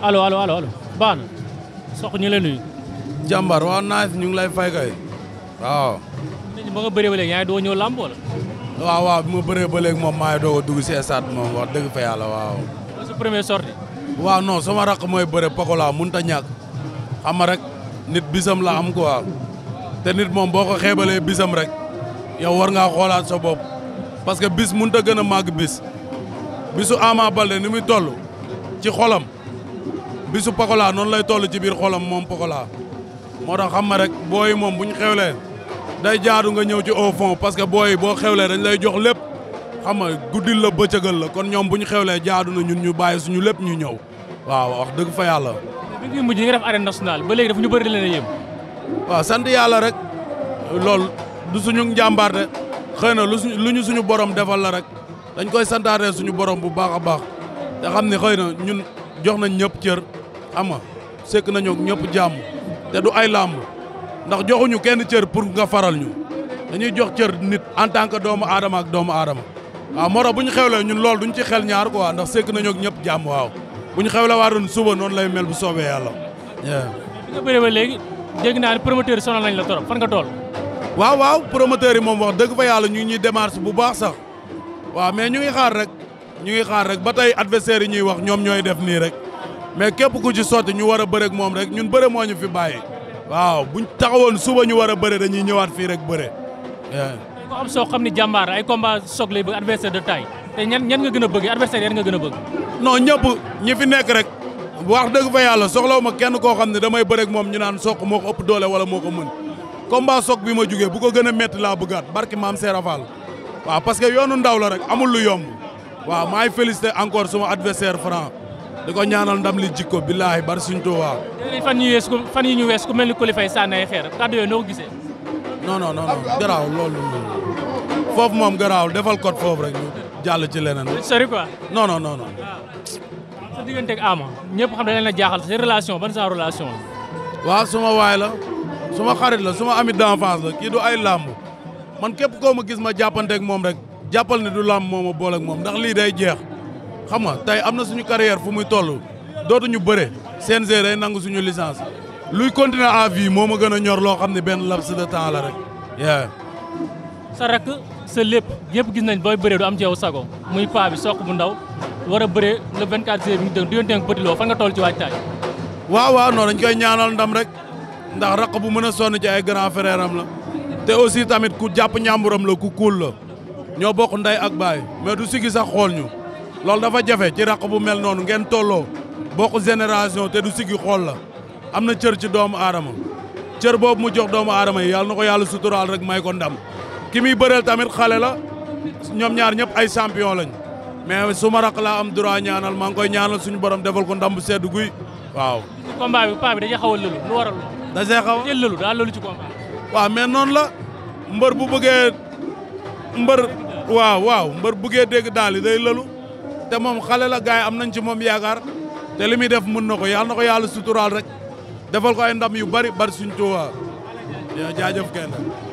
allo allo allo allo ban sox ñu lay nuyu jambar wa nice ñu ngi lay fay kay waaw ñu ba nga bëré ba léegi yaa ngi doo ñëw làmb waaw waaw bima bëré bëree ba léegi moom maa ngi doog a dugg si stade moom wax deug fa yalla waaw su premier sortie waaw non sama rak moy bëré bëre la mun ta ñak xam rek nit bisam la am quoi té nit mom boko xébalé bisam rek yow war nga xolaat sa bop parce que bis mun ta gëna mag bis bisu Ama balé ni muy tollu ci xolam bisu Pokola noonu lay toll ci biir xolam moom Pokola moo tax xam ma rek booy moom bu ñu xewlee day jaadu nga ñëw ci au fond parce que booy boo xewlee dañ lay jox lépp xam nga guddil la bëccëgal la kon ñoom bu ñu xewlee jaadu na ñun ñu bàyyi suñu lépp ñu ñëw waaw wax dëgg fa yàlla. bi ñu mujj nga def arène nationale ba léegi dafa ñu bëri leen yëm. waaw sant yàlla rek loolu du suñu njàmbaarte xëy na lu ñu suñu borom defal la rek dañ koy santaatee suñu borom bu baax a baax xam ne xëy na ñun jox nañ ñëpp cër. ama sekk nañu ñëpp jàmm te du ay làmb ndax joxuñu kenn cër pour nga faral ñu dañuy jox cër nit en tant que doomu aadama ak doomu aadama waaw moo bu ñu xewlee ñun loolu duñ ci xel ñaar ko quoi ndax sekk nañook ñëpp jàmm waaw bu ñu xewlee waa doon suba noonu lay mel bu soobee yàlla. bi nga bëree ba léegi dégg naa ne promoteur sonal nañ la trop fan nga toll. waaw waaw promoteur yi moom wax dëgg fa yàlla ñu ngi ñuy démarche bu baax sax waaw mais ñu ngi xaar rek ñu ngi xaar rek ba tey adversaire yi ñuy wax ñoom ñooy def nii rek. mais képp ku ci sotti ñu war a bëre moom rek ñun bëre moo ñu fi bàyyi waaw buñ taxawoon suba ñu war a bëre dañuy ñëwaat fii rek bëre. ko am soo xam ni jàmbaar ay combat soog lay bëgg adversaire de taille te ñan ñan nga gën a bëgg adversaire yan nga gën a bëgg. non ñëpp ñi fi nekk rek wax dëgg fa yàlla soxlawu ma kenn koo xam ne damay bëre moom ñu naan soq moo ëpp doole wala moo ko mën combat soog bi ma jugee bu ko gën a métti laa bëggaat barki maam Serafal waaw parce que yoonu ndaw la rek amul lu yomb suma adversaire franc di ko ñaanal ndam li jikko billaahi bari suñ Tuubaa. fan yii weesu fan yii ñu weesu ku mel ni Coly Faye sànni ay xeer kàddu yooyu noo ko gisee. non non non garaawul foofu moom garaawul defal code foofu rek ñu jàll ci leneen. sori quoi. non non non non. Ah. sa diggante ak Ama ñëpp xam ne dañ la jaaxal sa relation ban sa relation la. waaw suma waay la suma xarit la suma ami d'enfance la kii du ay làmb man képp koo ma gis ma jàppante ak moom rek jàppal ne du làmb moo ma boole moom ndax lii day jeex. xam nga tey am na suñu carrière fu muy toll dootuñu bëre CNG day nangu suñu licence luy continuer à vie moo ma gën a ñor loo xam ne benn laps de temps la rek. sa rak sa lépp ñëpp gis nañ booy bëree du am ci yow muy paa bi soq bu ndaw war a bëree le 24 juillet bi ñu dégg diggante ak Petit Lo fan nga toll ci waajtaay. waaw waaw non dañ koy ñaanal ndam rek ndax raq bu mën a sonn ci ay grand frère am la te aussi tamit ku jàpp ñàmburam la ku kuul ñoo bokk ndey ak baay mais du sigi sax xool ñu. loolu dafa jafe ci raq bu mel noonu ngeen tolloo bokk génération te du siggi xool la am na cër ci doomu aadama cër boobu mu jox doomu adama yi yàlla na ko yàlla suturaal rek may ko ndam ki muy bëreel tamit xale la ñoom ñaar ñëpp ay champion lañ mais su ma raq laa am droit ñaanal maa ngi koy ñaanal suñu borom defal ko ndam bu sedd guy waaw. combat bi dañuy xaw a lëlu waral. da see a dañuy lëlu ci combat waaw mais noonu la mbër bu bëggee mbër. waaw waaw mbër bu bëggee dégg daal yi day lëlu. te moom xale la gars yi am nañ ci moom yaakaar te li muy def mën na ko yàlla na ko yàlla suturaal rek defal ko ay ndam yu bari bari suñ tuwaa jaajëf kenn